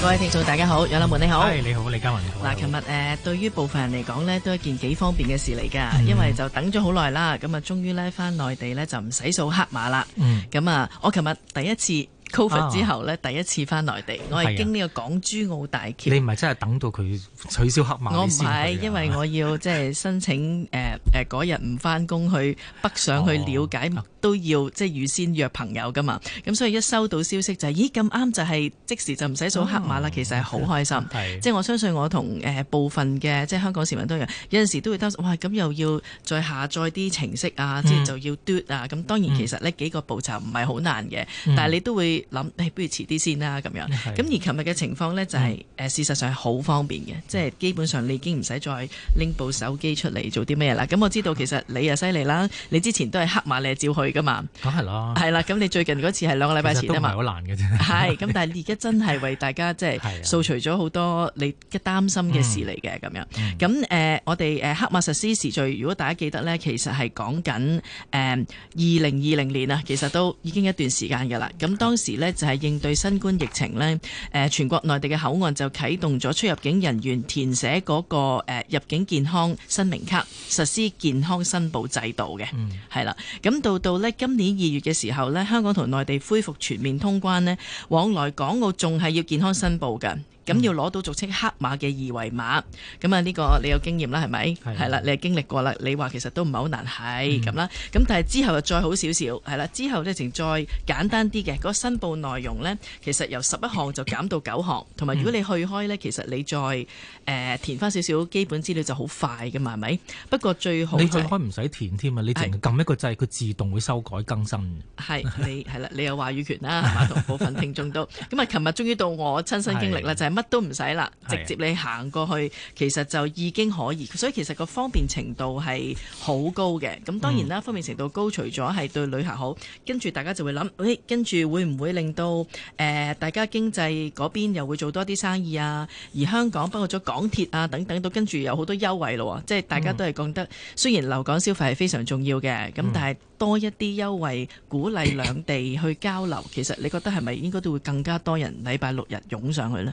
各位聽眾大家好，楊立、嗯、門你好，哎、你好李嘉文，嗱，琴日誒、呃、對於部分人嚟講呢，都係一件幾方便嘅事嚟噶，嗯、因為就等咗好耐啦，咁啊終於呢返內地呢，就唔使掃黑碼啦，嗯，咁啊我琴日第一次。Covid 之後咧，啊、第一次返內地，我係經呢個港珠澳大橋，啊。你唔係真係等到佢取消黑碼？我唔係， 因為我要即係、就是、申請誒誒嗰日唔返工去北上去了解，哦、都要即係、就是、預先約朋友㗎嘛。咁所以一收到消息就係、是，咦咁啱就係即時就唔使做黑碼啦。嗯、其實係好開心，即係我相信我同、呃、部分嘅即係香港市民都一樣，有陣時都會擔心。哇，咁又要再下載啲程式啊，即係就要嘟啊。咁、嗯啊、當然其實呢、嗯、幾個步驟唔係好難嘅，嗯、但係你都會。諗不如遲啲先啦，咁樣。咁的而琴日嘅情況呢、就是，就係誒，事實上係好方便嘅，嗯、即係基本上你已經唔使再拎部手機出嚟做啲咩啦。咁我知道其實你又犀利啦， 你之前都係黑碼嚟照去噶嘛。咁係咯，係啦。咁你最近嗰次係兩個禮拜前啊嘛，都唔係好難嘅啫。係 咁，但係你而家真係為大家即係掃除咗好多你嘅擔心嘅事嚟嘅，咁、嗯、樣。咁誒、嗯呃，我哋誒黑碼實施時序，如果大家記得呢，其實係講緊誒二零二零年啊，其實都已經一段時間噶啦。咁當時。時呢，就係、是、應對新冠疫情呢、呃、全國內地嘅口岸就啟動咗出入境人員填寫嗰、那個、呃、入境健康申明卡，實施健康申報制度嘅，係啦、嗯。咁到到今年二月嘅時候呢，香港同內地恢復全面通關呢，往來港澳仲係要健康申報嘅。咁要攞到俗稱黑碼嘅二維碼，咁啊呢個你有經驗啦，係咪？係啦，你係經歷過啦。你話其實都唔係好難，係咁啦。咁但係之後又再好少少，係啦。之後呢，淨再簡單啲嘅，嗰個申報內容呢，其實由十一項就減到九項，同埋如果你去開呢，其實你再誒填翻少少基本資料就好快嘅嘛，係咪？不過最好你去開唔使填添啊，你淨撳一個掣，佢自動會修改更新。係你係啦，你有話語權啦，同部分聽眾都。咁啊，琴日終於到我親身經歷啦，就係。乜都唔使啦，直接你行過去，的其實就已經可以。所以其實個方便程度係好高嘅。咁當然啦，嗯、方便程度高，除咗係對旅客好，跟住大家就會諗，誒、欸，跟住會唔會令到、呃、大家經濟嗰邊又會做多啲生意啊？而香港包括咗港鐵啊等等都跟住有好多優惠咯。即、就、係、是、大家都係覺得，嗯、雖然留港消費係非常重要嘅，咁但係多一啲優惠、嗯、鼓勵兩地去交流，其實你覺得係咪應該都會更加多人禮拜六日湧上去呢？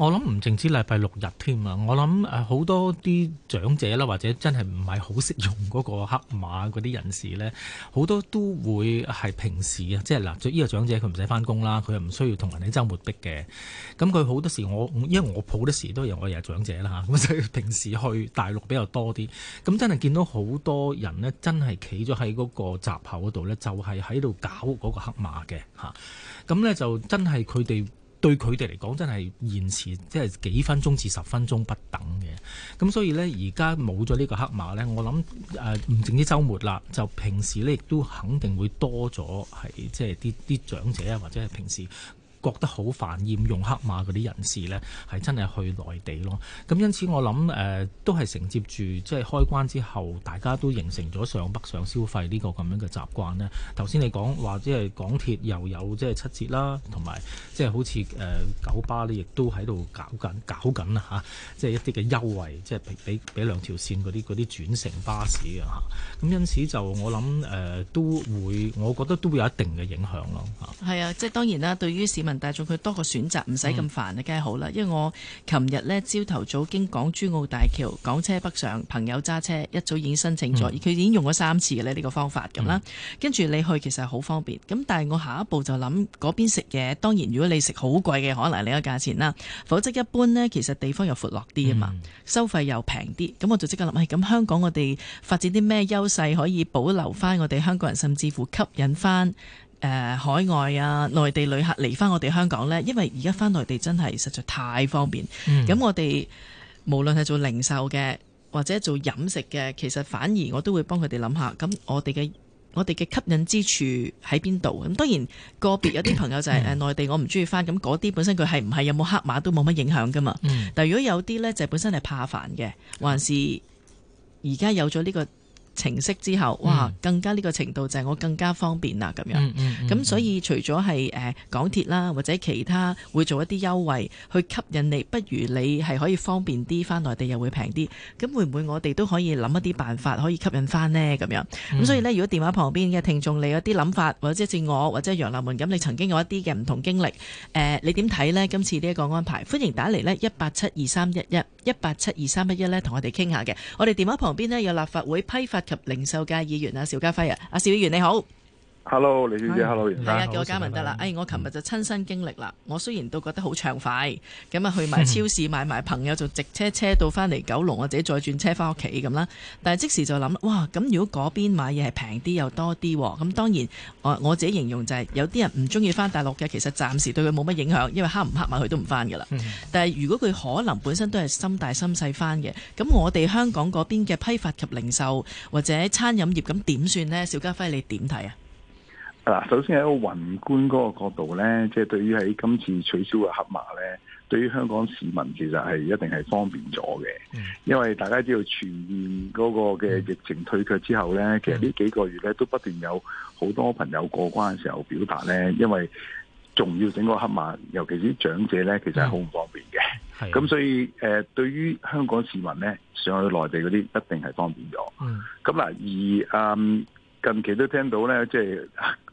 我諗唔淨止禮拜六日添啊！我諗好多啲長者啦，或者真係唔係好識用嗰個黑碼嗰啲人士咧，好多都會係平時啊，即係嗱，依個長者佢唔使翻工啦，佢又唔需要同人哋周末逼嘅。咁佢好多時，我因為我普得時都有，我又係長者啦，咁所以平時去大陸比較多啲。咁真係見到好多人咧，真係企咗喺嗰個閘口嗰度咧，就係喺度搞嗰個黑碼嘅，咁咧就真係佢哋。對佢哋嚟講，真係延遲，即係幾分鐘至十分鐘不等嘅。咁所以呢，而家冇咗呢個黑碼呢。我諗誒唔淨止週末啦，就平時呢亦都肯定會多咗，係即係啲啲長者啊，或者係平時，覺得好煩厭用黑碼嗰啲人士呢，係真係去內地咯。咁因此我諗誒、呃，都係承接住即係開關之後，大家都形成咗上北上消費呢個咁樣嘅習慣呢。頭先你講話即係港鐵又有即係七折啦，同埋即係好似誒、呃、九巴咧，亦都喺度搞緊搞緊啊嚇！即係一啲嘅優惠，即係俾俾俾兩條線嗰啲啲轉乘巴士啊嚇。咁因此就我諗誒、呃、都會，我覺得都會有一定嘅影響咯嚇。係啊，啊，即係當然啦，對於市民。但咗佢多個選擇，唔使咁煩，梗係好啦。因為我琴日咧朝頭早經港珠澳大橋港車北上，朋友揸車一早已經申請咗，佢已經用咗三次嘅呢個方法咁啦。跟住、嗯、你去其實好方便。咁但係我下一步就諗嗰邊食嘢，當然如果你食好貴嘅可能你個價錢啦，否則一般呢，其實地方又闊落啲啊嘛，嗯、收費又平啲。咁我就即刻諗，哎，咁香港我哋發展啲咩優勢可以保留翻我哋香港人，甚至乎吸引翻？誒、呃、海外啊，內地旅客嚟翻我哋香港呢，因為而家翻內地真係實在太方便。咁、嗯、我哋無論係做零售嘅，或者做飲食嘅，其實反而我都會幫佢哋諗下，咁我哋嘅我哋嘅吸引之處喺邊度？咁當然個別有啲朋友就係誒內地我唔中意翻，咁嗰啲本身佢係唔係有冇黑碼都冇乜影響噶嘛。嗯、但係如果有啲呢，就是、本身係怕煩嘅，還是而家有咗呢、這個程式之後，哇，嗯、更加呢個程度就係我更加方便啦咁樣。咁、嗯嗯嗯、所以除咗係、呃、港鐵啦，或者其他會做一啲優惠去吸引你，不如你係可以方便啲翻內地又會平啲。咁會唔會我哋都可以諗一啲辦法可以吸引翻呢？咁樣咁、嗯、所以呢，如果電話旁邊嘅聽眾你有啲諗法，或者似我或者係楊立門咁，你曾經有一啲嘅唔同經歷，呃、你點睇呢？今次呢一個安排，歡迎打嚟呢, 11，呢一八七二三一一一八七二三一一咧，同我哋傾下嘅。我哋電話旁邊呢，有立法會批發及零售界議員啊，邵家輝啊，阿邵議員你好。hello 李小姐，hello，大家叫我嘉文得啦。Hi. 哎，我琴日就親身經歷啦。我雖然都覺得好暢快，咁啊去埋超市買埋朋友就直車車到翻嚟九龍，或者再轉車翻屋企咁啦。但係即時就諗，哇！咁如果嗰邊買嘢係平啲又多啲，咁當然我我自己形容就係、是、有啲人唔中意翻大陸嘅，其實暫時對佢冇乜影響，因為黑唔黑埋佢都唔翻噶啦。但係如果佢可能本身都係心大心細翻嘅，咁我哋香港嗰邊嘅批發及零售或者餐飲業，咁點算呢？邵家輝，你點睇啊？嗱，首先喺個宏觀嗰個角度咧，即係對於喺今次取消嘅黑碼咧，對於香港市民其實係一定係方便咗嘅。因為大家知道全面嗰個嘅疫情退卻之後咧，其實呢幾個月咧都不斷有好多朋友過關嘅時候表達咧，因為仲要整個黑碼，尤其是啲長者咧，其實係好唔方便嘅。咁的所以誒，對於香港市民咧，上去內地嗰啲一定係方便咗。咁嗱的，而……嗯。近期都聽到咧，即係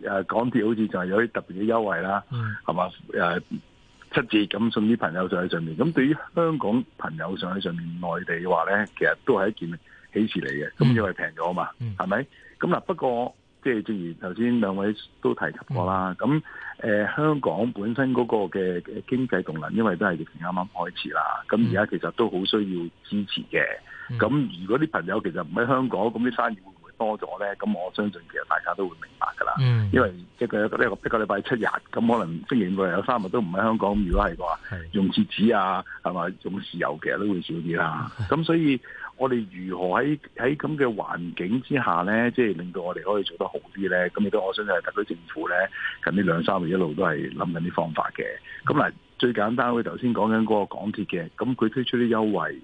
誒港鐵好似就係有啲特別嘅優惠啦，係嘛，誒七折咁送啲朋友上去上面。咁對於香港朋友上喺上面，內地嘅話咧，其實都係一件喜事嚟嘅，咁因為平咗嘛，係咪、mm.？咁嗱，不過即係、就是、正如頭先兩位都提及過啦，咁、mm. 呃、香港本身嗰個嘅經濟動能，因為都係疫情啱啱開始啦，咁而家其實都好需要支持嘅。咁如果啲朋友其實唔喺香港，咁啲生意會？多咗咧，咁我相信其實大家都會明白噶啦，因為一個呢個呢個禮拜七日，咁可能星期五日有三日都唔喺香港。如果係嘅話，用廁紙啊，係嘛用豉油，其實都會少啲啦。咁所以我哋如何喺喺咁嘅環境之下咧，即係令到我哋可以做得好啲咧？咁亦都我相信係特區政府咧，近呢兩三日一路都係諗緊啲方法嘅。咁嗱，最簡單，佢頭先講緊嗰個港鐵嘅，咁佢推出啲優惠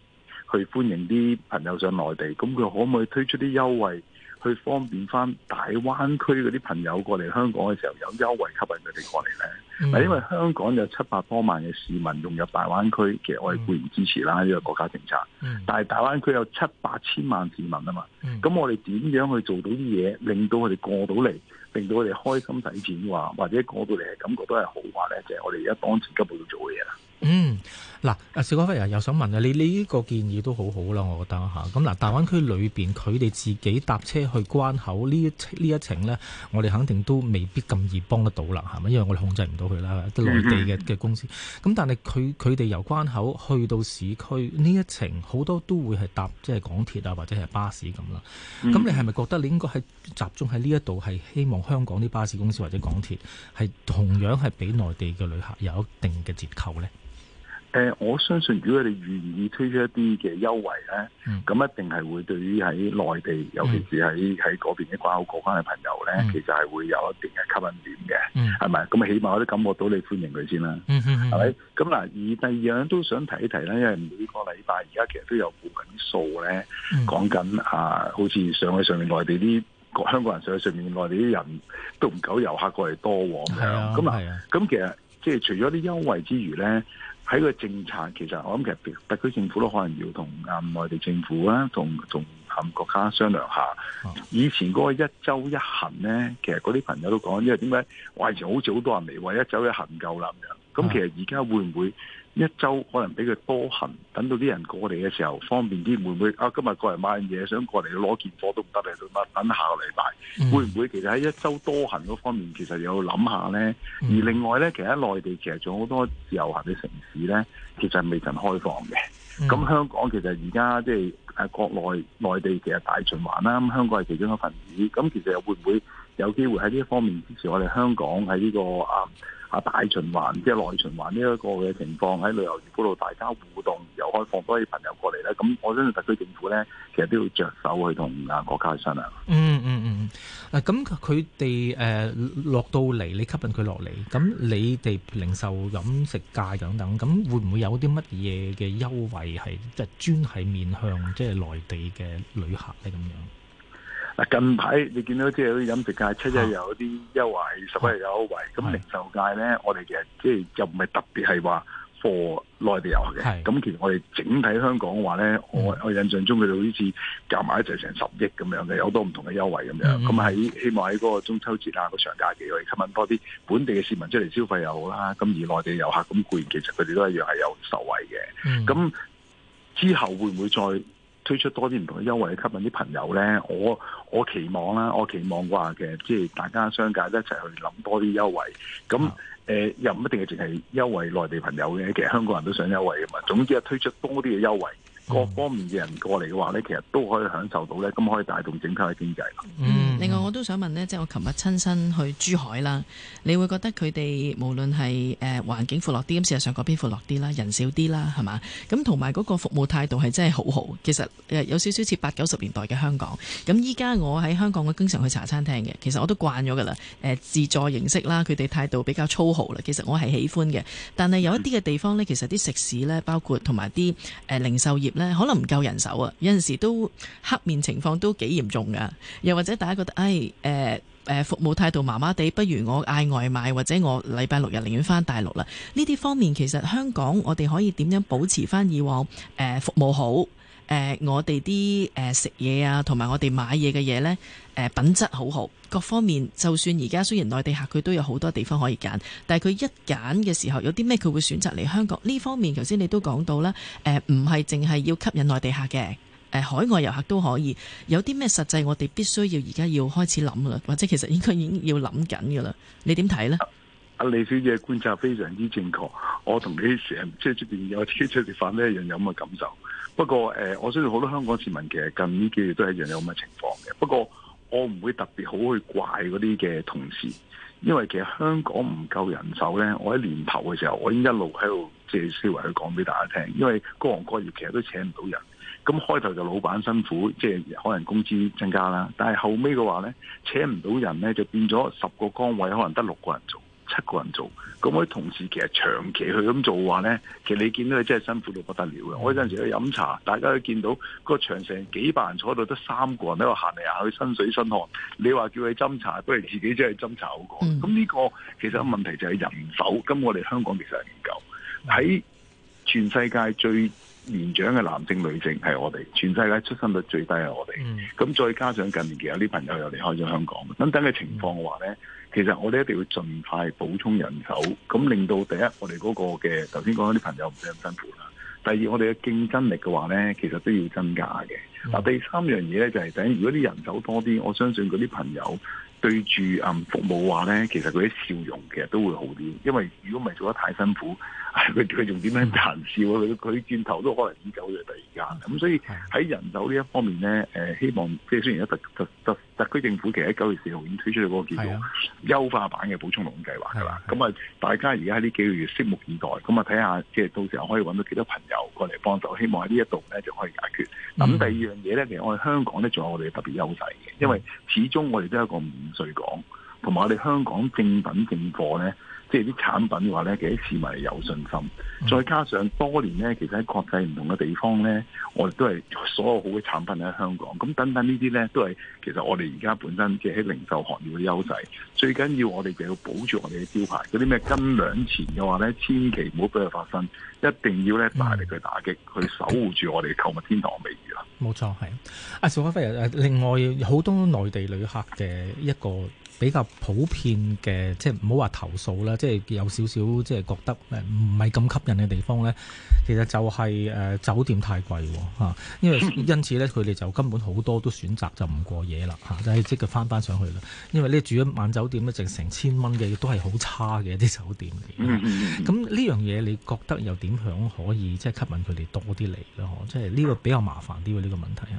去歡迎啲朋友上內地，咁佢可唔可以推出啲優惠？去方便翻大灣區嗰啲朋友過嚟香港嘅時候，有優惠吸引佢哋過嚟咧。Mm. 因為香港有七百多萬嘅市民融入大灣區，其實我哋固然支持啦呢個國家政策。但係大灣區有七八千萬市民啊嘛，咁、mm. 我哋點樣去做到啲嘢，令到佢哋過到嚟，令到佢哋開心使錢話，或者過到嚟係感覺都係好話咧，就係、是、我哋而家當前急步要做嘅嘢啦。嗯，嗱、啊，阿邵家輝啊，又想問啊，你呢個建議都好好啦，我覺得吓。咁、啊、嗱、啊，大灣區裏邊，佢哋自己搭車去關口呢一呢一程呢，我哋肯定都未必咁易幫得到啦，係、啊、咪？因為我哋控制唔到佢啦，內、嗯嗯、地嘅嘅公司。咁、啊、但係佢佢哋由關口去到市區呢一程，好多都會係搭即係港鐵啊，或者係巴士咁、啊、啦。咁、啊嗯、你係咪覺得你應該係集中喺呢一度係希望香港啲巴士公司或者港鐵，係同樣係俾內地嘅旅客有一定嘅折扣咧？誒、呃，我相信如果你願意推出一啲嘅優惠咧，咁一定係會對於喺內地，尤其是喺喺嗰邊啲關口過關嘅朋友咧，嗯、其實係會有一定嘅吸引點嘅，係咪、嗯？咁起碼我都感覺到你歡迎佢先啦，係咪、嗯？咁、嗯、嗱、嗯，而第二樣都想提一提咧，因為每個禮拜而家其實都有報緊數咧，講緊、嗯、啊，好似上去上面內地啲香港人上去上面內地啲人都唔夠遊客過嚟多喎，咁啊，咁那、啊、其實即係除咗啲優惠之餘咧。睇個政策，其實我諗其實特區政府都可能要同啊內地政府啊，同同含國家商量下。以前嗰個一週一行咧，其實嗰啲朋友都講，因為點解？以前好似好多人嚟，一週一行唔夠啦咁樣。咁其實而家會唔會？一周可能比佢多行，等到啲人過嚟嘅時候方便啲，會唔會啊？今日過嚟買嘢，想過嚟攞件貨都唔得嘅，咁啊等下個禮拜會唔會？其實喺一周多行嗰方面，其實有諗下咧。而另外咧，其實喺內地其實仲好多自由行嘅城市咧，其實係未曾開放嘅。咁、嗯、香港其實而家即係國內內地其實大循環啦，咁香港係其中一份子。咁其實會唔會？有機會喺呢一方面支持我哋香港喺呢個啊啊呃大循環，即係內循環呢一個嘅情況，喺旅遊業嗰度大家互動，又開放多啲朋友過嚟咧。咁我相信特區政府咧，其實都要着手去同啊國家商量。嗯嗯嗯嗯，啊咁佢哋誒落到嚟，你吸引佢落嚟，咁你哋零售飲食界等等，咁會唔會有啲乜嘢嘅優惠係即係專係面向即係內地嘅旅客咧？咁樣？近排你見到即係啲飲食界七日有啲優惠，啊、十一日有優惠。咁、啊、零售界咧，是我哋其實即係又唔係特別係話貨內地遊客嘅。咁是其實我哋整體香港嘅話咧，我、嗯、我印象中佢好似夾埋一齊成十億咁樣嘅，有好多唔同嘅優惠咁樣。咁喺、嗯、希望喺嗰個中秋節啊，嗰、那個、長假期我哋吸引多啲本地嘅市民出嚟消費又好啦。咁而內地遊客咁固然其實佢哋都一樣係有受惠嘅。咁、嗯、之後會唔會再？推出多啲唔同嘅優惠去吸引啲朋友咧，我我期望啦，我期望話嘅即係大家商界一齊去諗多啲優惠，咁誒、呃、又唔一定係淨係優惠內地朋友嘅，其實香港人都想優惠㗎嘛。總之係，推出多啲嘅優惠。各方面嘅人過嚟嘅話呢，其實都可以享受到呢，咁可以帶動整體嘅經濟。嗯，另外我都想問呢，即係我琴日親身去珠海啦，你會覺得佢哋無論係誒、呃、環境闊落啲，咁事實上嗰邊闊落啲啦，人少啲啦，係嘛？咁同埋嗰個服務態度係真係好好。其實有少少似八九十年代嘅香港。咁依家我喺香港，我經常去茶餐廳嘅，其實我都慣咗噶啦。自助形式啦，佢哋態度比較粗豪啦，其實我係喜歡嘅。但係有一啲嘅地方呢，嗯、其實啲食肆呢，包括同埋啲零售業。可能唔夠人手啊，有陣時都黑面情況都幾嚴重㗎，又或者大家覺得，哎誒，誒、呃呃，服務態度麻麻地，不如我嗌外賣，或者我禮拜六日寧願翻大陸啦。呢啲方面，其實香港我哋可以點樣保持翻以往誒、呃、服務好？誒、呃，我哋啲誒食嘢啊，同埋我哋買嘢嘅嘢呢，誒、呃、品質好好，各方面就算而家雖然內地客佢都有好多地方可以揀，但係佢一揀嘅時候有啲咩佢會選擇嚟香港？呢方面，頭先你都講到啦，誒唔係淨係要吸引內地客嘅，誒、呃、海外遊客都可以有啲咩，實際我哋必須要而家要開始諗啦，或者其實應該已經要諗緊噶啦，你點睇呢？阿、啊、李小姐觀察非常之正確，我同你成即係出邊有自出嚟，反映一樣有咁嘅感受。不過，誒、呃，我相信好多香港市民其實近呢幾月都係一樣有咁嘅情況嘅。不過，我唔會特別好去怪嗰啲嘅同事，因為其實香港唔夠人手咧。我喺年頭嘅時候，我已經一路喺度借思維去講俾大家聽，因為各行各業其實都請唔到人。咁開頭就老闆辛苦，即係可能工資增加啦。但係後尾嘅話咧，請唔到人咧，就變咗十個崗位，可能得六個人做。七個人做，咁我啲同事其實長期去咁做嘅話呢，其實你見到佢真係辛苦到不得了嘅。我有陣時去飲茶，大家去見到個長城幾百人坐喺度，得三個人喺度行嚟行去，身水身汗。你話叫佢斟茶，不如自己真係斟茶好過。咁呢個其實問題就係人手，咁我哋香港其實係唔夠，喺全世界最年長嘅男性、女性係我哋，全世界出生率最低係我哋。咁、mm. 再加上近年其實有啲朋友又離開咗香港，咁等嘅情況嘅話呢，mm. 其實我哋一定要盡快補充人手，咁令到第一，我哋嗰個嘅頭先講啲朋友唔使咁辛苦啦。第二，我哋嘅競爭力嘅話呢，其實都要增加嘅。嗱，mm. 第三樣嘢呢，就係、是、等，如果啲人手多啲，我相信嗰啲朋友對住服務的話呢，其實佢啲笑容其實都會好啲，因為如果唔係做得太辛苦。佢佢仲點樣彈笑？佢佢轉頭都可能已經嘅。突第二間。咁所以喺人手呢一方面咧，呃，希望即係雖然特特特特區政府其實喺九月四號已經推出咗嗰個叫做優化版嘅補充勞工計劃噶啦。咁啊，大家而家喺呢幾個月拭目以待，咁啊睇下即係到時候可以搵到幾多朋友過嚟幫手。希望喺呢一度咧就可以解決。咁第二樣嘢咧，其實我哋香港咧仲有我哋特別優勢嘅，因為始終我哋都係一個免稅港，同埋我哋香港正品正貨咧。即係啲產品嘅話咧，其實市民係有信心，再加上多年咧，其實喺國際唔同嘅地方咧，我哋都係所有好嘅產品喺香港。咁等等呢啲咧，都係其實我哋而家本身即係喺零售行業嘅優勢。最緊要我哋就要保住我哋嘅招牌，嗰啲咩斤兩錢嘅話咧，千祈唔好俾佢發生，一定要咧大力去打擊，去守護住我哋購物天堂嘅美譽啦。冇錯，係啊，邵家輝啊，另外好多內地旅客嘅一個。比較普遍嘅，即係唔好話投訴啦，即係有少少即係覺得唔係咁吸引嘅地方咧，其實就係酒店太貴喎，因為因此咧，佢哋就根本好多都選擇就唔過夜啦嚇，但係即刻翻返上去啦。因為你住一晚酒店咧，剩成千蚊嘅都係好差嘅一啲酒店嚟嘅。咁呢 樣嘢你覺得又點樣可以即係吸引佢哋多啲嚟咧？即係呢個比較麻煩啲喎呢個問題。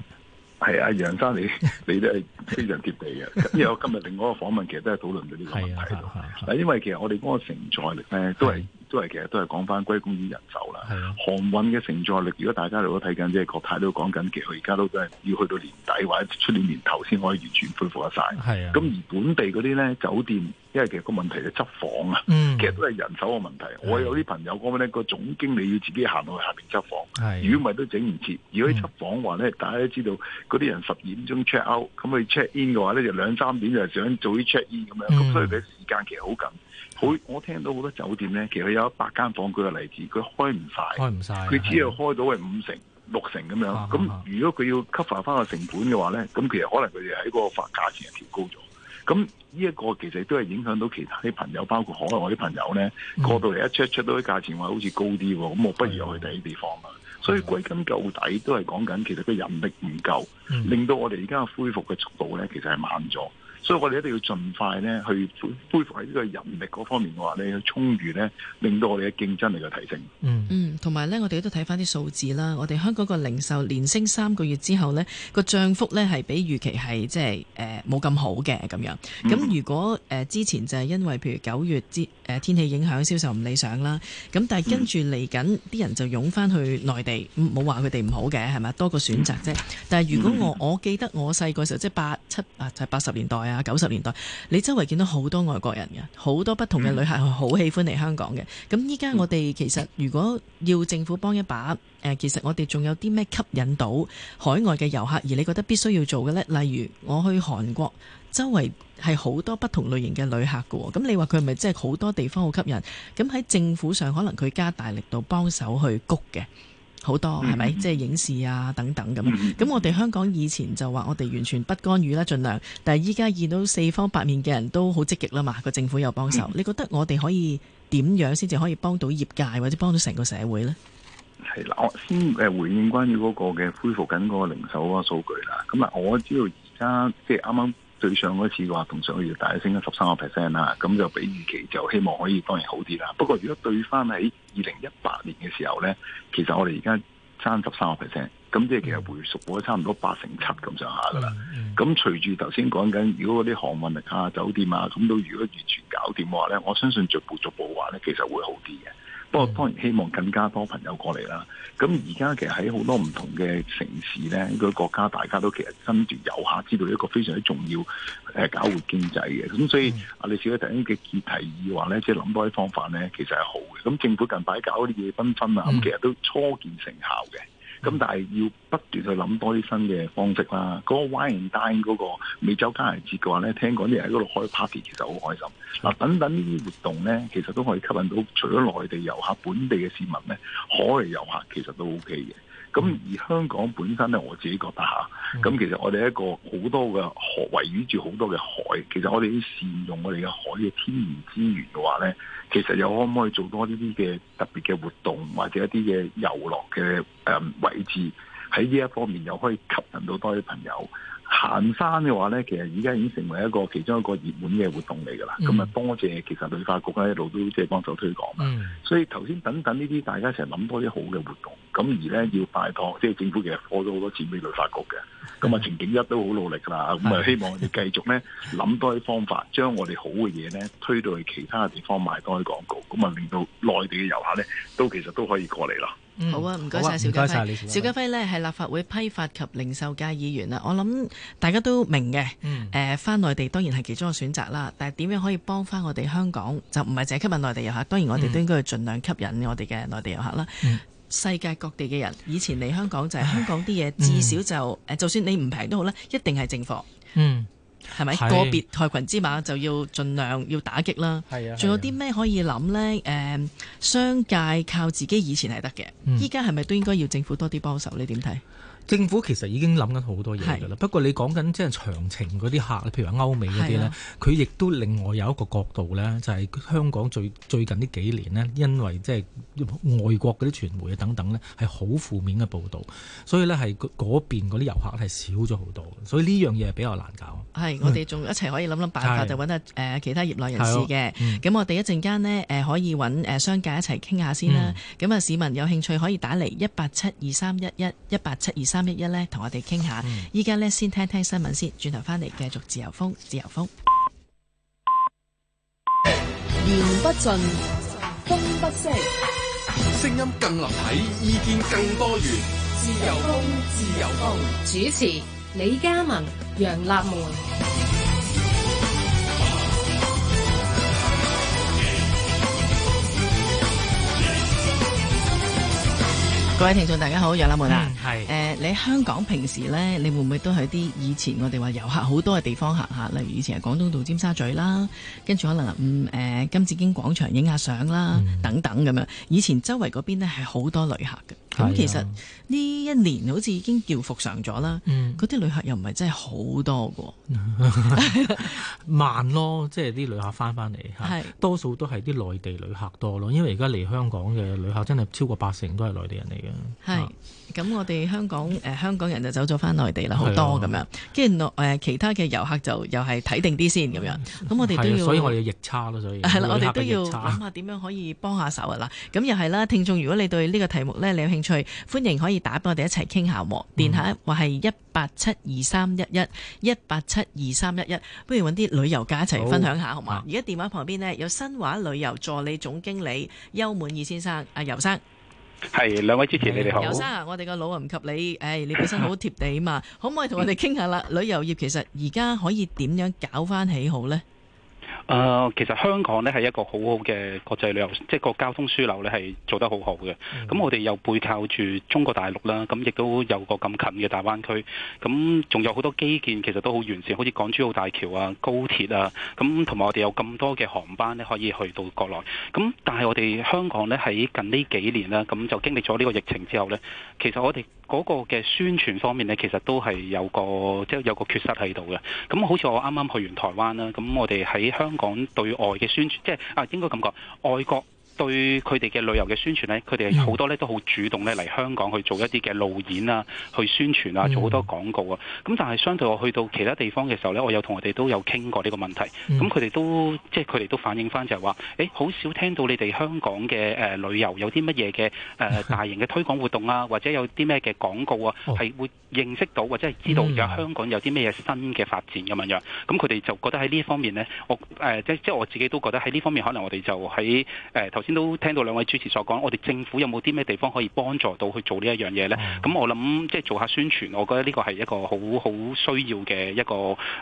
係啊，楊生你你都係非常貼地嘅，因為我今日另外一個訪問其實都係討論到呢個問題度。嗱、啊，啊啊、因為其實我哋嗰個承載力咧都係、啊、都係其實都係講翻歸功於人手啦。啊、航運嘅承載力，如果大家如果睇緊，即係國泰都講緊，其實佢而家都真係要去到年底或者出年年頭先可以完全恢復一晒。係啊，咁而本地嗰啲咧酒店。因為其實個問題就執房啊，嗯、其實都係人手嘅問題。嗯、我有啲朋友講咧，個總經理要自己行到去下面執房。如果唔係都整唔切。如果執房嘅話咧，嗯、大家都知道嗰啲人十二點鐘 check out，咁佢 check in 嘅話咧就兩三點就想早啲 check in 咁樣。咁、嗯、所以佢時間其實好緊。好，我聽到好多酒店咧，其實有一百間房，舉個例子，佢開唔晒，開唔晒佢只有開到係五成、的六成咁樣。咁的如果佢要 cover 翻個成本嘅話咧，咁其實可能佢哋喺個價價錢就調高咗。咁呢一個其實都係影響到其他啲朋友，包括可能我啲朋友咧過到嚟一 check 出到啲價錢話好似高啲喎，咁我不如又去第啲地方啦。所以歸根究底都係講緊其實佢人力唔夠，令到我哋而家恢復嘅速度咧其實係慢咗。所以我哋一定要盡快呢去恢復喺呢個人力嗰方面嘅話去充裕呢，令到我哋嘅競爭力嘅提升。嗯嗯，同埋呢，我哋都睇翻啲數字啦。我哋香港個零售連升三個月之後呢個漲幅呢，係比預期係即係呃冇咁好嘅咁樣。咁如果、呃、之前就係因為譬如九月呃天氣影響銷售唔理想啦，咁但係跟住嚟緊啲人就湧翻去內地，冇話佢哋唔好嘅係咪？多個選擇啫。但係如果我我記得我細個時候即係八七啊，就係八十年代啊。九十年代你周圍見到好多外國人嘅好多不同嘅旅客係好喜歡嚟香港嘅。咁依家我哋其實如果要政府幫一把，誒，其實我哋仲有啲咩吸引到海外嘅遊客？而你覺得必須要做嘅呢？例如我去韓國，周圍係好多不同類型嘅旅客㗎。咁你話佢係咪真係好多地方好吸引？咁喺政府上可能佢加大力度幫手去谷嘅。好多係咪？Mm hmm. 即係影視啊等等咁。咁、mm hmm. 我哋香港以前就話我哋完全不干預啦，盡量。但係依家見到四方八面嘅人都好積極啦嘛，個政府有幫手。Mm hmm. 你覺得我哋可以點樣先至可以幫到業界或者幫到成個社會呢？係啦，我先誒回應關於嗰個嘅恢復緊嗰個零售嗰個數據啦。咁啊，我知道而家即係啱啱。對上嗰次嘅話，同上個月大升咗十三個 percent 啦，咁就比預期就希望可以當然好啲啦。不過如果對翻喺二零一八年嘅時候咧，其實我哋而家爭十三個 percent，咁即係其實回縮咗差唔多八成七咁上下噶啦。咁隨住頭先講緊，如果嗰啲航運啊、酒店啊，咁都如果完全搞掂嘅話咧，我相信逐步逐步話咧，其實會好啲嘅。不過當然希望更加多朋友過嚟啦。咁而家其實喺好多唔同嘅城市咧，各個國家大家都其實跟住遊客知道一個非常之重要、欸、搞活經濟嘅。咁所以啊尤小姐頭先嘅提議話咧，即係諗多啲方法咧，其實係好嘅。咁政府近排搞啲嘢紛紛啊，咁、嗯、其實都初見成效嘅。咁但係要不斷去諗多啲新嘅方式啦。嗰、那個 wine and dine 嗰個美酒佳餚節嘅話咧，聽講啲人喺嗰度開 party 其實好開心。嗱，等等呢啲活動咧，其實都可以吸引到除咗內地遊客、本地嘅市民咧，海外遊客其實都 OK 嘅。咁而香港本身咧，我自己覺得嚇，咁其實我哋一個好多嘅河圍繞住好多嘅海，其實我哋要善用我哋嘅海嘅天然資源嘅話咧，其實又可唔可以做多一啲嘅特別嘅活動，或者一啲嘅遊樂嘅誒位置？喺呢一方面又可以吸引到多啲朋友行山嘅話咧，其實而家已經成為一個其中一個熱門嘅活動嚟噶啦。咁啊多謝其實旅發局咧一路都即係幫手推廣啦。嗯、所以頭先等等呢啲大家想一齊諗多啲好嘅活動，咁而咧要拜託即係政府其實花咗好多錢俾旅發局嘅。咁啊的，程鼎一都好努力噶啦，咁啊希望你繼續咧諗多啲方法，將我哋好嘅嘢咧推到去其他嘅地方賣多啲廣告，咁啊令到內地嘅遊客咧都其實都可以過嚟咯。嗯、好啊，唔該晒，邵家輝。邵家輝呢係立法會批發及零售界議員啊。我諗大家都明嘅，誒、嗯，翻內、呃、地當然係其中嘅選擇啦。但係點樣可以幫翻我哋香港？就唔係淨係吸引內地遊客，當然我哋都應該盡量吸引我哋嘅內地遊客啦。嗯、世界各地嘅人以前嚟香港就係香港啲嘢，唉至少就誒，嗯、就算你唔平都好啦，一定係正貨。嗯。係咪個別害群之馬就要盡量要打擊啦？係啊，仲、啊、有啲咩可以諗咧？誒、嗯，商界靠自己以前係得嘅，依家係咪都應該要政府多啲幫手？你點睇？政府其實已經諗緊好多嘢嘅啦，不過你講緊即係長程嗰啲客，譬如話歐美嗰啲呢，佢亦都另外有一個角度呢，就係香港最最近呢幾年呢，因為即係外國嗰啲傳媒啊等等呢，係好負面嘅報導，所以呢，係嗰邊嗰啲遊客咧係少咗好多，所以呢樣嘢係比較難搞。係，我哋仲一齊可以諗諗辦法，就揾下其他業內人士嘅。咁我哋一陣間呢，誒可以揾商界一齊傾下先啦。咁啊，市民有興趣可以打嚟一八七二三一一一八七二三三一一咧，同我哋傾下。依家咧，先聽聽新聞先，轉頭翻嚟繼續自由風，自由風。言不盡，風不息，聲音更立體，意見更多元，自由風，自由風。主持：李家文、楊立門。各位聽眾，大家好，楊立門啊，你香港平時咧，你會唔會都喺啲以前我哋話遊客好多嘅地方行下？例如以前係廣東道、尖沙咀啦，跟住可能誒、嗯呃、金紫荊廣場影下相啦，嗯、等等咁樣。以前周圍嗰邊呢係好多旅客嘅，咁、啊、其實呢一年好似已經叫復常咗啦，嗰啲、嗯、旅客又唔係真係好多㗎，慢咯，即係啲旅客翻翻嚟嚇，是多數都係啲內地旅客多咯，因為而家嚟香港嘅旅客真係超過八成都係內地人嚟嘅。係，咁我哋香港誒、呃，香港人就走咗翻內地啦，好多咁的樣，跟住誒，其他嘅遊客就又係睇定啲先咁樣，咁我哋都要，所以我哋要逆差咯，所以係啦的，我哋都要諗下點樣可以幫下手啊，啦，咁又係啦，聽眾，如果你對呢個題目呢你有興趣，歡迎可以打畀我哋一齊傾下，嗯、下，電下話係一八七二三一一一八七二三一一，不如搵啲旅遊家一齊分享下好嘛嗎？而家、啊、電話旁邊呢，有新華旅遊助理總經理尤滿意先生，阿、啊、尤生。係，兩位主持你哋 29 30, 好。尤生，我哋個腦啊唔及你，誒、哎，你本身好貼地啊嘛， 可唔可以同我哋傾下啦？旅遊業其實而家可以點樣搞翻起好咧？誒、呃，其實香港呢係一個好好嘅國際旅遊，即係個交通樞紐呢係做得好好嘅。咁我哋又背靠住中國大陸啦，咁亦都有個咁近嘅大灣區，咁仲有好多基建其實都好完善，好似港珠澳大橋啊、高鐵啊，咁同埋我哋有咁多嘅航班呢可以去到國內。咁但係我哋香港呢喺近呢幾年啦，咁就經歷咗呢個疫情之後呢，其實我哋。嗰個嘅宣傳方面咧，其實都係有個即係有個缺失喺度嘅。咁好似我啱啱去完台灣啦，咁我哋喺香港對外嘅宣傳，即係啊，應該咁講，外國。對佢哋嘅旅遊嘅宣傳呢，佢哋好多呢都好主動呢嚟香港去做一啲嘅路演啊，去宣傳啊，做好多廣告啊。咁但係相對我去到其他地方嘅時候呢，我有同佢哋都有傾過呢個問題。咁佢哋都即係佢哋都反映返就係話：，誒好少聽到你哋香港嘅誒旅遊有啲乜嘢嘅誒大型嘅推廣活動啊，或者有啲咩嘅廣告啊，係、哦、會認識到或者係知道有香港有啲咩新嘅發展咁樣樣。咁佢哋就覺得喺呢一方面呢，我誒、呃、即即係我自己都覺得喺呢方面可能我哋就喺誒、呃先都聽到兩位主持所講，我哋政府有冇啲咩地方可以幫助到去做呢一樣嘢呢？咁、哦、我諗即係做下宣傳，我覺得呢個係一個好好需要嘅一個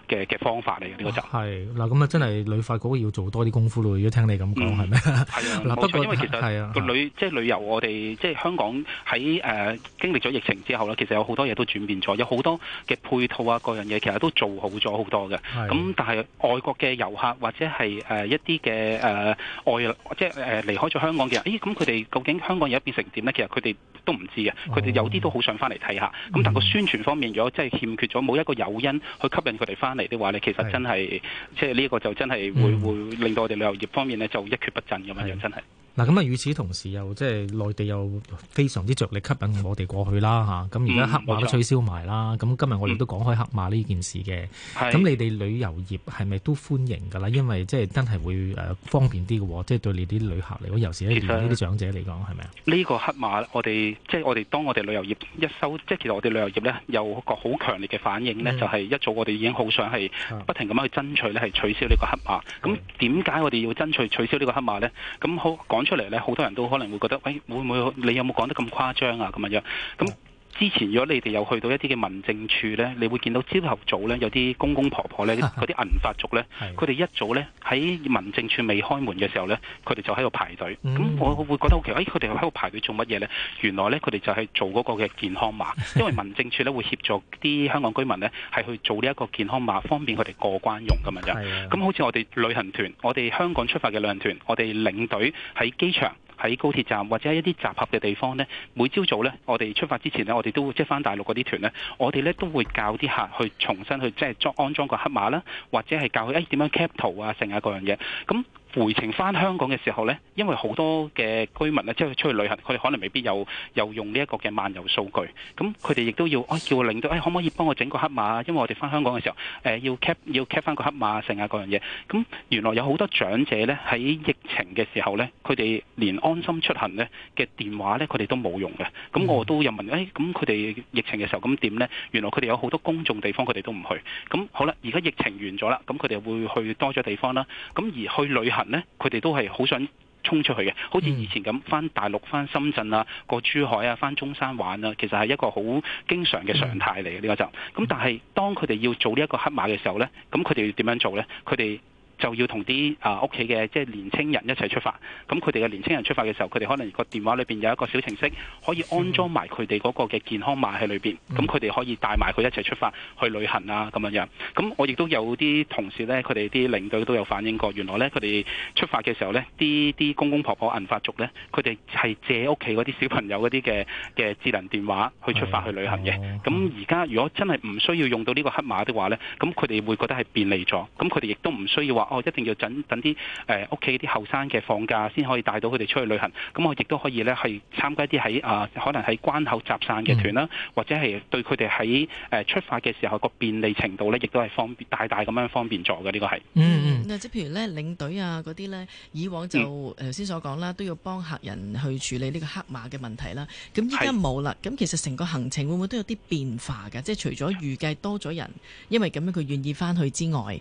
嘅嘅方法嚟嘅。呢個就係嗱，咁啊，真係旅發局要做多啲功夫咯，如果聽你咁講係咪？不過因為其實係、啊、旅即係旅遊，我哋即係香港喺誒、呃、經歷咗疫情之後呢，其實有好多嘢都轉變咗，有好多嘅配套啊，各樣嘢其實都做好咗好多嘅。咁是但係外國嘅遊客或者係、呃、一啲嘅、呃、外即係、呃離開咗香港嘅人，咦？咁佢哋究竟香港而家變成點呢？其實佢哋都唔知嘅。佢哋有啲都好想翻嚟睇下，咁但個宣傳方面如果真係欠缺咗，冇一個誘因去吸引佢哋翻嚟的話呢，其實真係即係呢一個就真係會、嗯、會令到我哋旅遊業方面呢就一蹶不振咁樣樣，真係。嗱，咁啊，與此同時又即係內地又非常之着力吸引我哋過去啦吓，咁而家黑碼都取消埋啦，咁、嗯、今日我哋都講開黑碼呢件事嘅，咁、嗯、你哋旅遊業係咪都歡迎㗎啦？是因為即係真係會誒方便啲嘅，即、就、係、是、對你啲旅客嚟講，尤其係呢啲長者嚟講，係咪啊？呢個黑碼我哋即係我哋當我哋旅遊業一收，即係其實我哋旅遊業咧有個好強烈嘅反應咧，嗯、就係一早我哋已經好想係不停咁樣去爭取咧，係、啊、取消呢個黑碼，咁點解我哋要爭取取消呢個黑碼咧？咁好講。諗出嚟咧，好多人都可能會覺得，喂，會唔會？你有冇講得咁誇張啊？咁樣樣咁。之前如果你哋有去到一啲嘅民政處呢，你會見到朝頭早呢，有啲公公婆婆呢，嗰啲銀發族呢，佢哋 一早呢，喺民政處未開門嘅時候呢，佢哋就喺度排隊。咁、嗯、我會覺得好奇怪，佢哋喺度排隊做乜嘢呢？原來呢，佢哋就係做嗰個嘅健康碼，因為民政處呢，會協助啲香港居民呢，係去做呢一個健康碼，方便佢哋過關用㗎嘛！咋？咁好似我哋旅行團，我哋香港出發嘅旅行團，我哋領隊喺機場。喺高鐵站或者一啲集合嘅地方咧，每朝早咧，我哋出發之前咧，我哋都會即係翻大陸嗰啲團咧，我哋咧都會教啲客去重新去即係裝安裝個黑碼啦，或者係教佢誒點樣 cap 圖啊，成啊嗰樣嘢，咁。回程翻香港嘅時候呢，因為好多嘅居民呢，即係出去旅行，佢哋可能未必有又用呢一個嘅漫遊數據。咁佢哋亦都要，哎、叫領隊、哎，可唔可以幫我整個黑碼？因為我哋翻香港嘅時候、呃，要 cap 要 cap 翻個黑碼成啊各樣嘢。咁原來有好多長者呢，喺疫情嘅時候呢，佢哋連安心出行呢嘅電話呢，佢哋都冇用嘅。咁我都又問，咁佢哋疫情嘅時候咁點呢？原來佢哋有好多公眾地方佢哋都唔去。咁好啦，而家疫情完咗啦，咁佢哋會去多咗地方啦。咁而去旅行。咧，佢哋都係好想衝出去嘅，好似以前咁翻大陸、翻深圳啊、過珠海啊、翻中山玩啊，其實係一個好經常嘅常態嚟嘅呢個就。咁、嗯、但係當佢哋要做呢一個黑碼嘅時候咧，咁佢哋要點樣做咧？佢哋。就要同啲啊屋企嘅即係年青人一齊出發。咁佢哋嘅年青人出發嘅時候，佢哋可能個電話裏邊有一個小程式，可以安裝埋佢哋嗰個嘅健康碼喺裏邊，咁佢哋可以帶埋佢一齊出發去旅行啊咁樣樣，咁我亦都有啲同事咧，佢哋啲領隊都有反映過，原來咧佢哋出發嘅時候咧，啲啲公公婆婆銀髮族咧，佢哋係借屋企嗰啲小朋友嗰啲嘅嘅智能電話去出發去旅行嘅。咁而家如果真係唔需要用到呢個黑碼的話咧，咁佢哋會覺得係便利咗。咁佢哋亦都唔需要話。我一定要等等啲誒屋企啲後生嘅放假先可以帶到佢哋出去旅行，咁我亦都可以咧去參加啲喺啊可能喺關口集散嘅團啦，嗯、或者係對佢哋喺誒出發嘅時候個便利程度咧，亦都係方便大大咁樣方便咗嘅呢個係嗯，嗱、嗯、即係譬如咧領隊啊嗰啲咧，以往就頭先、嗯、所講啦，都要幫客人去處理呢個黑碼嘅問題啦。咁依家冇啦，咁是其實成個行程會唔會都有啲變化嘅？即係除咗預計多咗人，因為咁樣佢願意翻去之外。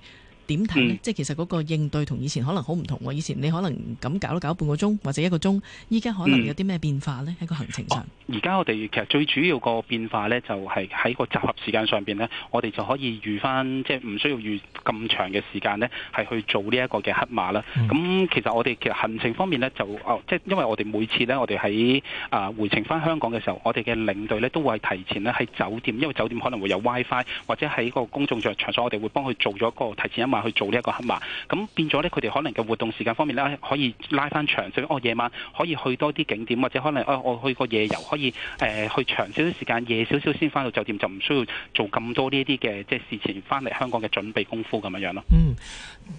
點睇呢？嗯、即係其實嗰個應對同以前可能好唔同喎。以前你可能咁搞都搞半個鐘或者一個鐘，依家可能有啲咩變化呢？喺、嗯、個行程上。而家我哋其實最主要個變化呢，就係喺個集合時間上邊呢，我哋就可以預翻，即係唔需要預咁長嘅時間呢，係去做呢一個嘅黑碼啦。咁、嗯、其實我哋其實行程方面呢，就哦，即係因為我哋每次呢，我哋喺啊回程翻香港嘅時候，我哋嘅領隊呢，都會在提前呢喺酒店，因為酒店可能會有 WiFi 或者喺個公眾場場所，我哋會幫佢做咗一個提前一晚。去做呢一個黑碼，咁變咗咧，佢哋可能嘅活動時間方面咧，可以拉翻長，所以我、哦、夜晚可以去多啲景點，或者可能、哦、我去個夜遊，可以、呃、去長少少時間，夜少少先翻到酒店，就唔需要做咁多呢一啲嘅即係事前翻嚟香港嘅準備功夫咁樣樣咯。嗯，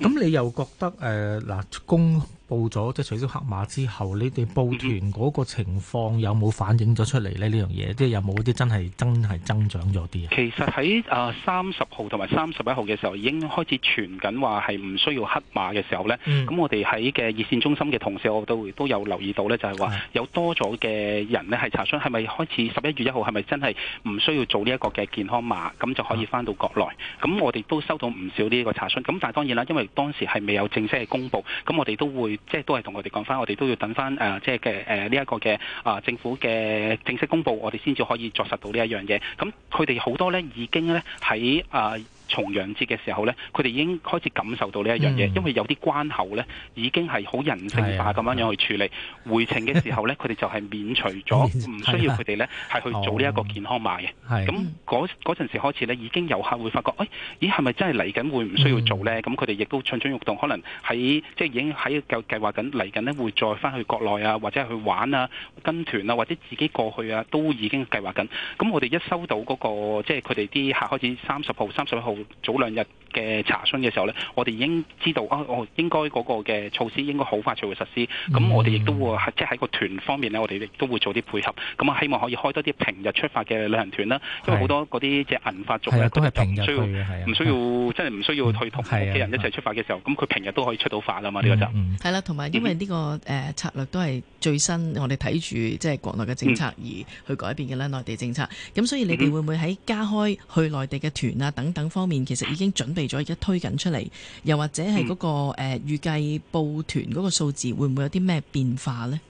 咁你又覺得誒嗱工報咗即係取消黑碼之後，你哋報團嗰個情況有冇反映咗出嚟呢？呢樣嘢即係有冇啲真係真係增長咗啲啊？其實喺啊三十號同埋三十一號嘅時候已經開始傳緊話係唔需要黑碼嘅時候呢。咁、嗯、我哋喺嘅熱線中心嘅同事，我都都有留意到呢，就係話有多咗嘅人呢係查詢係咪開始十一月一號係咪真係唔需要做呢一個嘅健康碼，咁就可以返到國內。咁我哋都收到唔少呢個查詢，咁但係當然啦，因為當時係未有正式嘅公佈，咁我哋都會。即係都係同我哋講翻，我哋都要等翻誒、啊，即係嘅誒呢一個嘅啊政府嘅正式公布，我哋先至可以作實到這東西呢一樣嘢。咁佢哋好多咧已經咧喺啊。重陽節嘅時候呢，佢哋已經開始感受到呢一樣嘢，嗯、因為有啲關口呢已經係好人性化咁樣樣去處理、啊、回程嘅時候呢，佢哋 就係免除咗唔需要佢哋呢係去做呢一個健康碼嘅。咁嗰嗰陣時開始呢，已經遊客會發覺，誒咦係咪真係嚟緊會唔需要做呢？嗯，咁佢哋亦都蠢蠢欲動，可能喺即係已經喺計劃緊嚟緊咧會再翻去國內啊，或者去玩啊、跟團啊，或者自己過去啊，都已經計劃緊。咁我哋一收到嗰、嗰個即係佢哋啲客開始三十號、三十一號。早兩日，嘅查詢嘅時候呢，我哋已經知道啊，我、哦、應該嗰個嘅措施應該好快就會實施。咁、嗯、我哋亦都會即係喺個團方面呢，我哋亦都會做啲配合。咁啊，希望可以開多啲平日出發嘅旅行團啦，是因為好多嗰啲即係銀髮族咧，都係平日需要，唔的需要即係唔需要去同屋企人一齊出發嘅時候，咁佢平日都可以出到發啊嘛，呢、嗯、個就係啦。同埋因為呢個誒策略都係最新，我哋睇住即係國內嘅政策而去改變嘅啦，內地政策。咁、嗯、所以你哋會唔會喺加開去內地嘅團啊等等方面，其實已經準備。嚟而家推緊出嚟，又或者係嗰個預計計團團嗰個字，會唔會有啲咩變化咧？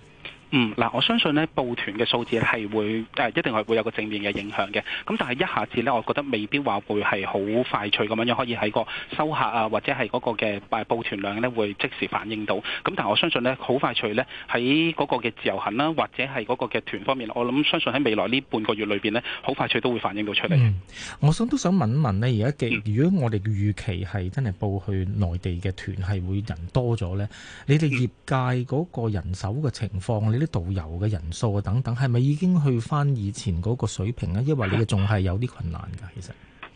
嗯，嗱，我相信咧報團嘅數字咧係會一定係會有個正面嘅影響嘅。咁但係一下子咧，我覺得未必話會係好快脆咁樣可以喺個收客啊，或者係嗰個嘅誒報團量咧會即時反映到。咁但係我相信呢，好快脆呢，喺嗰個嘅自由行啦，或者係嗰個嘅團方面，我諗相信喺未來呢半個月裏邊呢，好快脆都會反映到出嚟、嗯。我想都想問一問咧，而家嘅如果我哋預期係真係報去內地嘅團係會人多咗呢？你哋業界嗰個人手嘅情況啲導遊嘅人數啊等等，係咪已經去翻以前嗰個水平咧？亦或你仲係有啲困難㗎？其實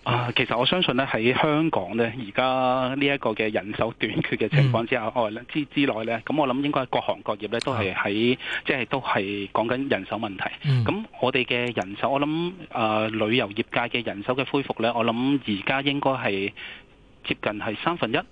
啊，其實我相信呢，喺香港呢，而家呢一個嘅人手短缺嘅情況之下、嗯，我之之內呢，咁我諗應該各行各業呢都係喺即係都係講緊人手問題。咁、嗯、我哋嘅人手，我諗啊旅遊業界嘅人手嘅恢復呢，我諗而家應該係接近係三分一咁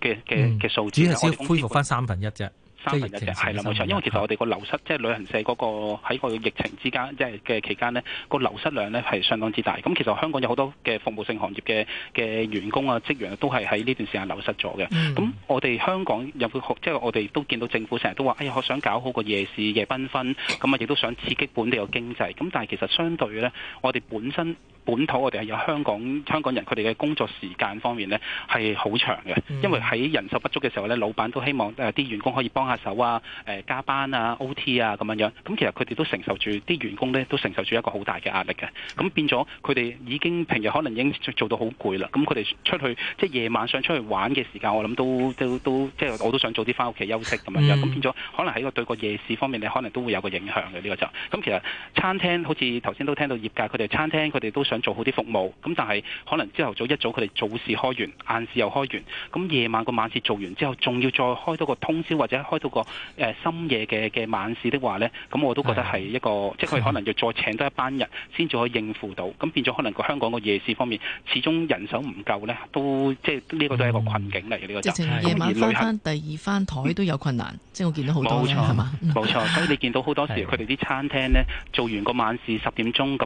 嘅嘅嘅數字，只係恢復翻三分一啫。三分一嘅係啦，冇錯，因為其實我哋個流失，的即係旅行社嗰個喺個疫情之間，即係嘅期間呢、個流失量呢，係相當之大。咁其實香港有好多嘅服務性行業嘅嘅員工啊、職員啊，都係喺呢段時間流失咗嘅。咁我哋香港入邊，即係我哋都見到政府成日都話，哎呀，我想搞好個夜市、夜繽紛，咁啊，亦都想刺激本地個經濟。咁但係其實相對呢，我哋本身本土我哋係有香港香港人，佢哋嘅工作時間方面呢，係好長嘅，因為喺人手不足嘅時候呢，老闆都希望啲、呃呃、員工可以幫拍手啊，誒、呃、加班啊、OT 啊咁樣樣，咁其實佢哋都承受住啲員工咧，都承受住一個好大嘅壓力嘅。咁變咗佢哋已經平日可能已經做到好攰啦。咁佢哋出去即係夜晚上出去玩嘅時間，我諗都都都即係我都想早啲翻屋企休息咁樣樣。咁變咗可能喺個對個夜市方面，你可能都會有個影響嘅呢個就。咁其實餐廳好似頭先都聽到業界佢哋餐廳，佢哋都想做好啲服務。咁但係可能朝頭早一早佢哋早市開完，晏市又開完，咁夜晚個晚市做完之後，仲要再開多個通宵或者開。到個誒深夜嘅嘅晚市的話呢，咁我都覺得係一個，的即係佢可能要再請多一班人先至可以應付到，咁變咗可能個香港個夜市方面始終人手唔夠呢，都即係呢、這個都係一個困境嚟嘅呢個就。夜是、嗯、晚翻翻第二翻台都有困難，嗯、即係我見到好多咧，係嘛錯？冇錯吧，所以你見到好多時佢哋啲餐廳呢，做完個晚市十點鐘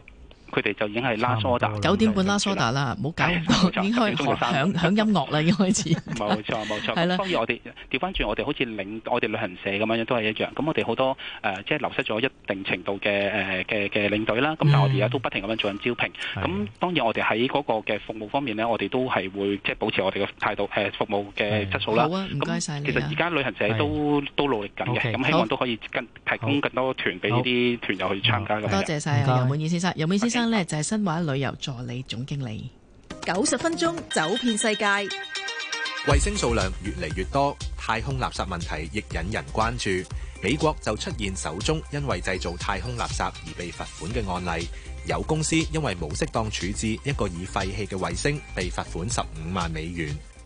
佢哋就已經係 last order 九點半 last order 啦，唔好搞，已經開始響響音樂啦，已經開始。冇錯冇錯。係啦。當然我哋調翻轉，我哋好似領我哋旅行社咁樣都係一樣。咁我哋好多誒，即係流失咗一定程度嘅誒嘅嘅領隊啦。咁但係我哋而家都不停咁樣做緊招聘。咁當然我哋喺嗰個嘅服務方面咧，我哋都係會即係保持我哋嘅態度誒服務嘅質素啦。好啊，唔該晒。其實而家旅行社都都努力緊嘅，咁希望都可以跟提供更多團俾呢啲團友去參加咁，多謝晒，尤滿意先生，尤滿意先生。呢就係新華旅遊助理總經理。九十分鐘走遍世界。衛星數量越嚟越多，太空垃圾問題亦引人關注。美國就出現首宗因為製造太空垃圾而被罰款嘅案例。有公司因為冇適當處置一個已廢棄嘅衛星，被罰款十五萬美元。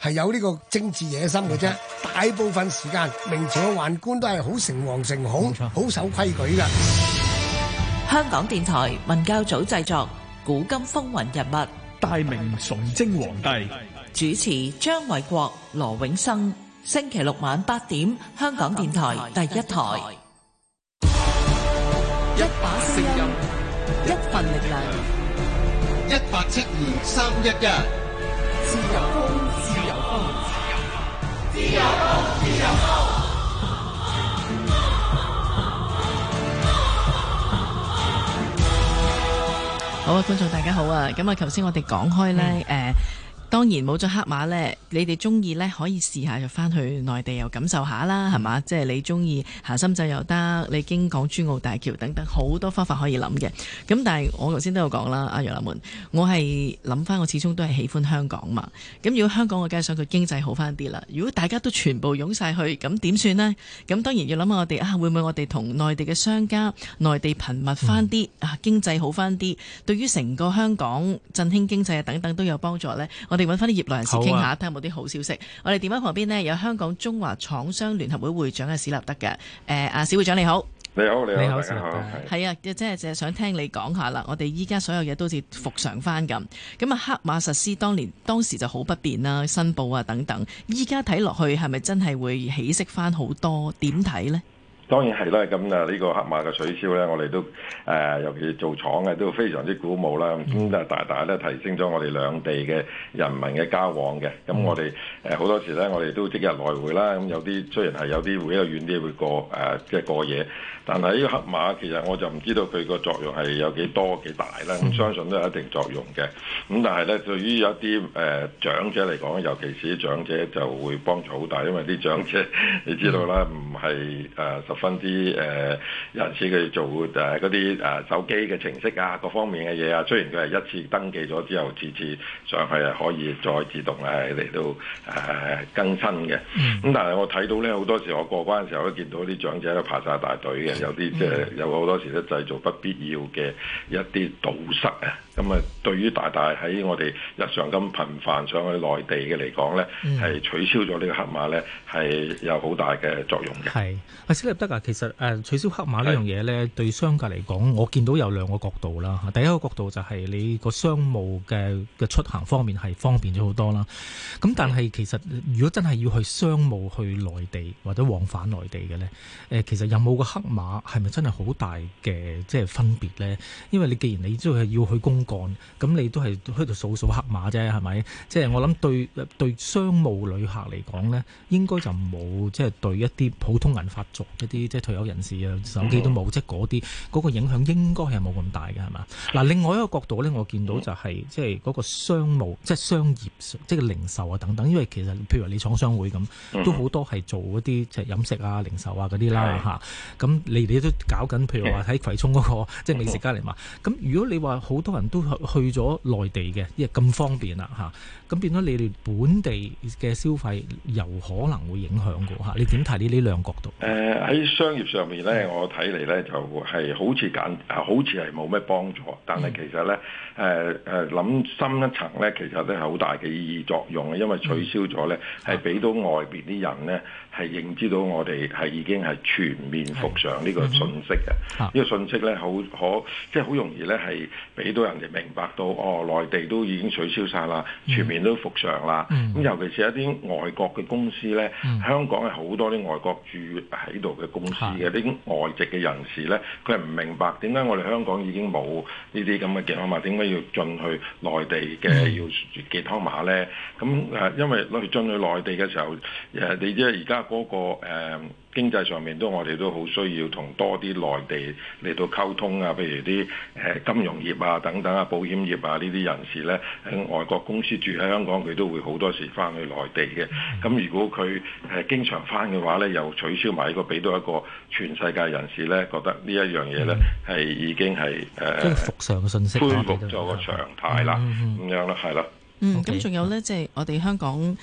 係有呢個政治野心嘅啫，大部分時間明朝嘅宦官都係好誠惶誠恐、好守規矩㗎。香港電台文教組製作《古今風雲人物》，大明崇禎皇帝主持張偉國、羅永生，星期六晚八點，香港電台第一台。一把聲音，一份力量，一八七二三一一。好，好啊！觀眾大家好啊！咁啊，頭先我哋講開咧，誒、嗯。呃當然冇咗黑碼呢，你哋中意呢，可以試下就翻去內地又感受下啦，係嘛？即係你中意行深圳又得，你經港珠澳大橋等等好多方法可以諗嘅。咁但係我頭先都有講啦，阿楊立門，我係諗翻我始終都係喜歡香港嘛。咁如果香港我梗係想佢經濟好翻啲啦，如果大家都全部湧晒去，咁點算呢？咁當然要諗下我哋啊，會唔會我哋同內地嘅商家內地頻密翻啲、嗯、啊，經濟好翻啲，對於成個香港振興經濟等等都有幫助呢。我哋揾翻啲業內人士傾下，睇下、啊、有冇啲好消息。我哋電話旁邊呢，有香港中華廠商聯合會會長嘅史立德嘅。誒、呃，阿史會長你好，你好，你好，你好，你好，係啊的，即係的就係想聽你講下啦。我哋依家所有嘢都似復常翻咁。咁啊，黑碼實施當年當時就好不便啦，申報啊等等。依家睇落去係咪真係會起色翻好多？點睇呢？當然係啦，咁啊呢個黑碼嘅取消咧，我哋都誒、呃，尤其是做廠嘅都非常之鼓舞啦。咁、mm. 大大咧提升咗我哋兩地嘅人民嘅交往嘅。咁我哋誒好多時咧，我哋都即日來回啦。咁有啲雖然係有啲會有遠啲會過誒，即、呃、係過夜。但係呢個黑碼其實我就唔知道佢個作用係有幾多幾大啦。咁、mm. 相信都有一定作用嘅。咁但係咧，對於一啲誒、呃、長者嚟講，尤其是長者就會幫助好大，因為啲長者、mm. 你知道啦，唔係分啲誒人士佢做誒嗰啲誒手機嘅程式啊，各方面嘅嘢啊。雖然佢係一次登記咗之後，次次上去係可以再自動嚟到誒更新嘅。咁、嗯、但係我睇到咧，好多時我過關嘅時候都見到啲長者都排晒大隊嘅，有啲即係有好多時都製造不必要嘅一啲堵塞啊。咁啊，對於大大喺我哋日常咁頻繁想去內地嘅嚟講咧，係、嗯、取消咗呢個黑碼咧，係有好大嘅作用嘅。係，嗱，其實誒取消黑碼呢樣嘢呢，對商界嚟講，我見到有兩個角度啦。第一個角度就係你個商務嘅嘅出行方面係方便咗好多啦。咁但係其實如果真係要去商務去內地或者往返內地嘅呢，誒，其實有冇個黑碼係咪真係好大嘅即係分別呢？因為你既然你知道係要去公幹，咁你都係喺度掃掃黑碼啫，係咪？即係我諗對對商務旅客嚟講呢，應該就冇即係對一啲普通人發作一啲。即係退休人士啊，手機都冇，嗯、即係嗰啲嗰個影響應該係冇咁大嘅，係嘛？嗱，另外一個角度咧，我見到就係、係、即係嗰個商務，即係商業，即係零售啊等等。因為其實譬如你廠商會咁，都好多係做嗰啲即係飲食啊、零售啊嗰啲啦嚇。咁、嗯啊、你哋都搞緊，譬如話喺葵涌嗰、嗰個、嗯、即係美食街嚟嘛。咁、嗯、如果你話好多人都去咗內地嘅，因為咁方便啦嚇，咁、啊、變咗你哋本地嘅消費有可能會影響嘅嚇、啊。你點睇呢呢兩角度？誒喺、呃商業上面咧，我睇嚟咧就係好似簡，啊好似係冇咩幫助。但係其實咧，誒誒諗深一層咧，其實咧係好大嘅意義作用，因為取消咗咧，係俾、嗯、到外邊啲人咧係認知到我哋係已經係全面復常呢個信息嘅。呢、嗯嗯嗯嗯、個信息咧好可，即係好容易咧係俾到人哋明白到哦，內地都已經取消晒啦，全面都復常啦。咁、嗯、尤其是一啲外國嘅公司咧，嗯、香港係好多啲外國住喺度嘅。公司嘅啲外籍嘅人士咧，佢係唔明白點解我哋香港已經冇呢啲咁嘅健康碼，點解要進去內地嘅要住健康碼咧？咁誒，因為攞去進去內地嘅時候，誒，你知而家嗰個誒。呃經濟上面我們都我哋都好需要同多啲內地嚟到溝通啊，譬如啲誒金融業啊等等啊，保險業啊呢啲人士咧喺外國公司住喺香港，佢都會好多時翻去內地嘅。咁、嗯、如果佢誒經常翻嘅話咧，又取消埋呢個，俾到一個全世界人士咧，覺得呢一樣嘢咧係已經係誒恢復上嘅信息，恢復咗個常態啦，咁、嗯、樣啦，係咯。嗯，咁仲 Okay. 有呢，即、就、係、是、我哋香港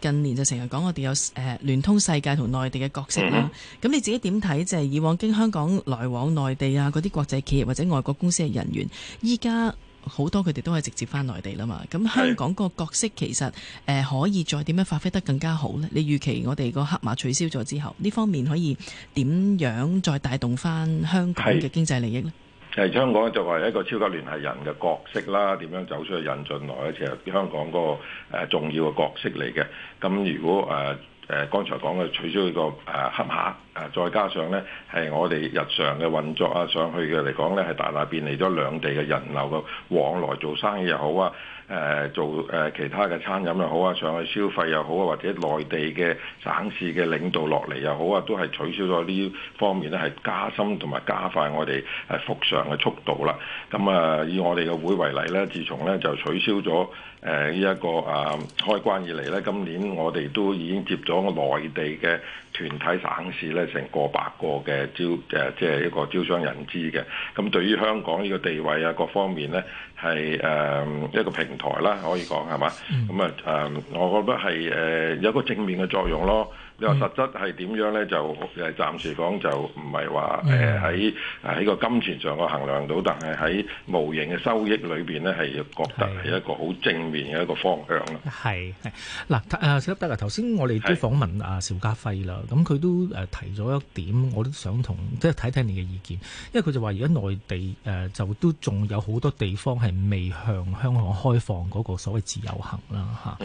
近年就成日講，我哋有誒聯通世界同內地嘅角色啦。咁、mm hmm. 你自己點睇？即、就、係、是、以往經香港來往內地啊，嗰啲國際企業或者外國公司嘅人員，依家好多佢哋都係直接返內地啦嘛。咁香港個角色其實誒、呃、可以再點樣發揮得更加好呢？你預期我哋個黑碼取消咗之後，呢方面可以點樣再帶動返香港嘅經濟利益呢？Mm hmm. 誒香港作為一個超級聯繫人嘅角色啦，點樣走出去引進來咧？其實香港個誒重要嘅角色嚟嘅。咁如果誒誒、呃呃、剛才講嘅取消呢個誒、呃、黑碼，誒再加上咧係我哋日常嘅運作啊上去嘅嚟講咧，係大大便利咗兩地嘅人流嘅往來做生意又好啊，誒做誒其他嘅餐飲又好啊，上去消費又好啊，或者內地嘅省市嘅領導落嚟又好啊，都係取消咗呢方面咧，係加深同埋加快我哋誒復常嘅速度啦。咁啊，以我哋嘅會為例咧，自從咧就取消咗誒呢一個誒開關以嚟咧，今年我哋都已經接咗內地嘅團體省市咧，成個百個嘅招誒，即係一個招商引資嘅。咁對於香港呢個地位啊各方面咧，係誒一個平台啦，可以講係嘛？咁啊誒，我覺得係誒、呃，有個正面嘅作用咯。你話、嗯、實質係點樣咧？就誒暫時講就唔係話喺喺個金錢上個衡量到，但係喺無形嘅收益裏邊呢，係覺得係一個好正面嘅一個方向啦。係係嗱啊史立德啊，頭先我哋都訪問阿是、啊、邵家輝啦，咁佢都誒提咗一點，我都想同即係睇睇你嘅意見，因為佢就話而家內地、啊、就都仲有好多地方係未向香港開放嗰個所謂自由行啦咁、啊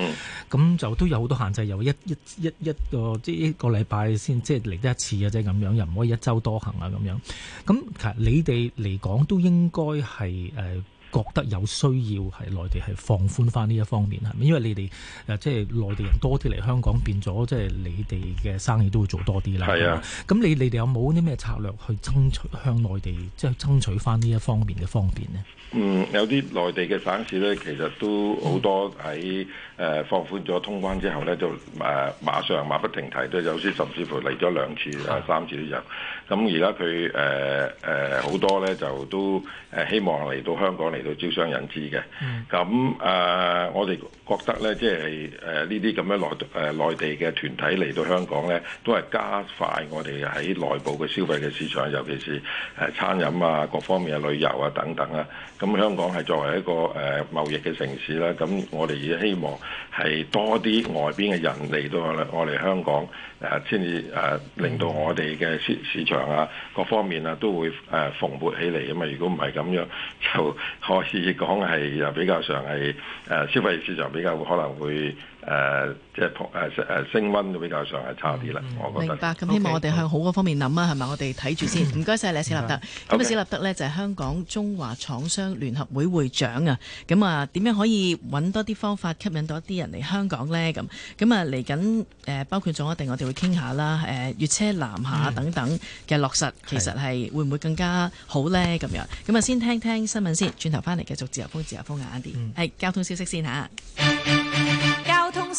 嗯、就都有好多限制，有一一一一個。即一個禮拜先，即係嚟得一次嘅啫，咁樣又唔可以一周多行啊，咁樣。咁其實你哋嚟講都應該係誒。覺得有需要係內地係放寬翻呢一方面係咪？因為你哋誒即係內地人多啲嚟香港，變咗即係你哋嘅生意都會做多啲啦。係是啊，咁你你哋有冇啲咩策略去爭取向內地即係、就是、爭取翻呢一方面嘅方便呢？嗯，有啲內地嘅省市咧，其實都好多喺誒、呃、放寬咗通關之後咧，就誒馬上馬不停蹄都有啲甚至乎嚟咗兩次、是啊、三次都有。咁、嗯、而家佢誒誒好多咧，就都誒希望嚟到香港。嚟到招商引資嘅，咁、嗯 uh, 我哋覺得咧，即係誒呢啲咁樣內誒內地嘅團體嚟到香港咧，都係加快我哋喺內部嘅消費嘅市場，尤其是、uh, 餐飲啊、各方面嘅旅遊啊等等啊。咁香港係作為一個誒、uh, 貿易嘅城市啦，咁我哋亦希望係多啲外邊嘅人嚟到我哋香港誒，先、uh, 至、uh, 令到我哋嘅市市場啊各方面啊都會誒、uh, 蓬勃起嚟啊嘛。如果唔係咁樣就。確實亦講係誒又比較上係誒消費市場比較可能會誒、呃，即係普升溫都比較上係差啲啦，嗯、我明白，咁希望我哋向好嗰方面諗啊，係咪 Okay,？我哋睇住先，唔該晒，謝謝你史立德。咁啊，史立德呢就係香港中華廠商聯合會會長啊。咁啊，點樣可以揾多啲方法吸引到一啲人嚟香港呢？咁咁啊，嚟緊誒，包括咗一定我哋會傾下啦。誒、呃，粵車南下等等嘅落實，其實係會唔會更加好呢？咁樣咁啊，先聽聽新聞先，轉頭翻嚟繼續自由風自由風硬、啊、啲，係、嗯啊、交通消息先嚇。啊